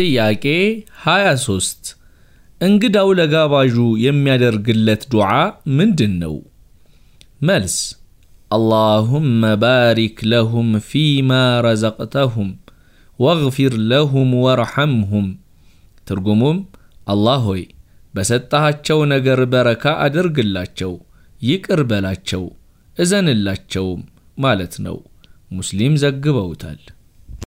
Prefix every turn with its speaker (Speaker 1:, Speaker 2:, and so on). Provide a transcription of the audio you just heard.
Speaker 1: ጥያቄ 23 እንግዳው ለጋባዡ የሚያደርግለት ዱዓ ምንድን ነው? መልስ አላሁመ ባሪክ ለሁም ፊማ ረዘቅተሁም ወግፊር ለሁም ወርሐምሁም። ትርጉሙም አላህ ሆይ በሰጠሃቸው ነገር በረካ አድርግላቸው፣ ይቅር በላቸው፣ እዘንላቸውም ማለት ነው። ሙስሊም ዘግበውታል።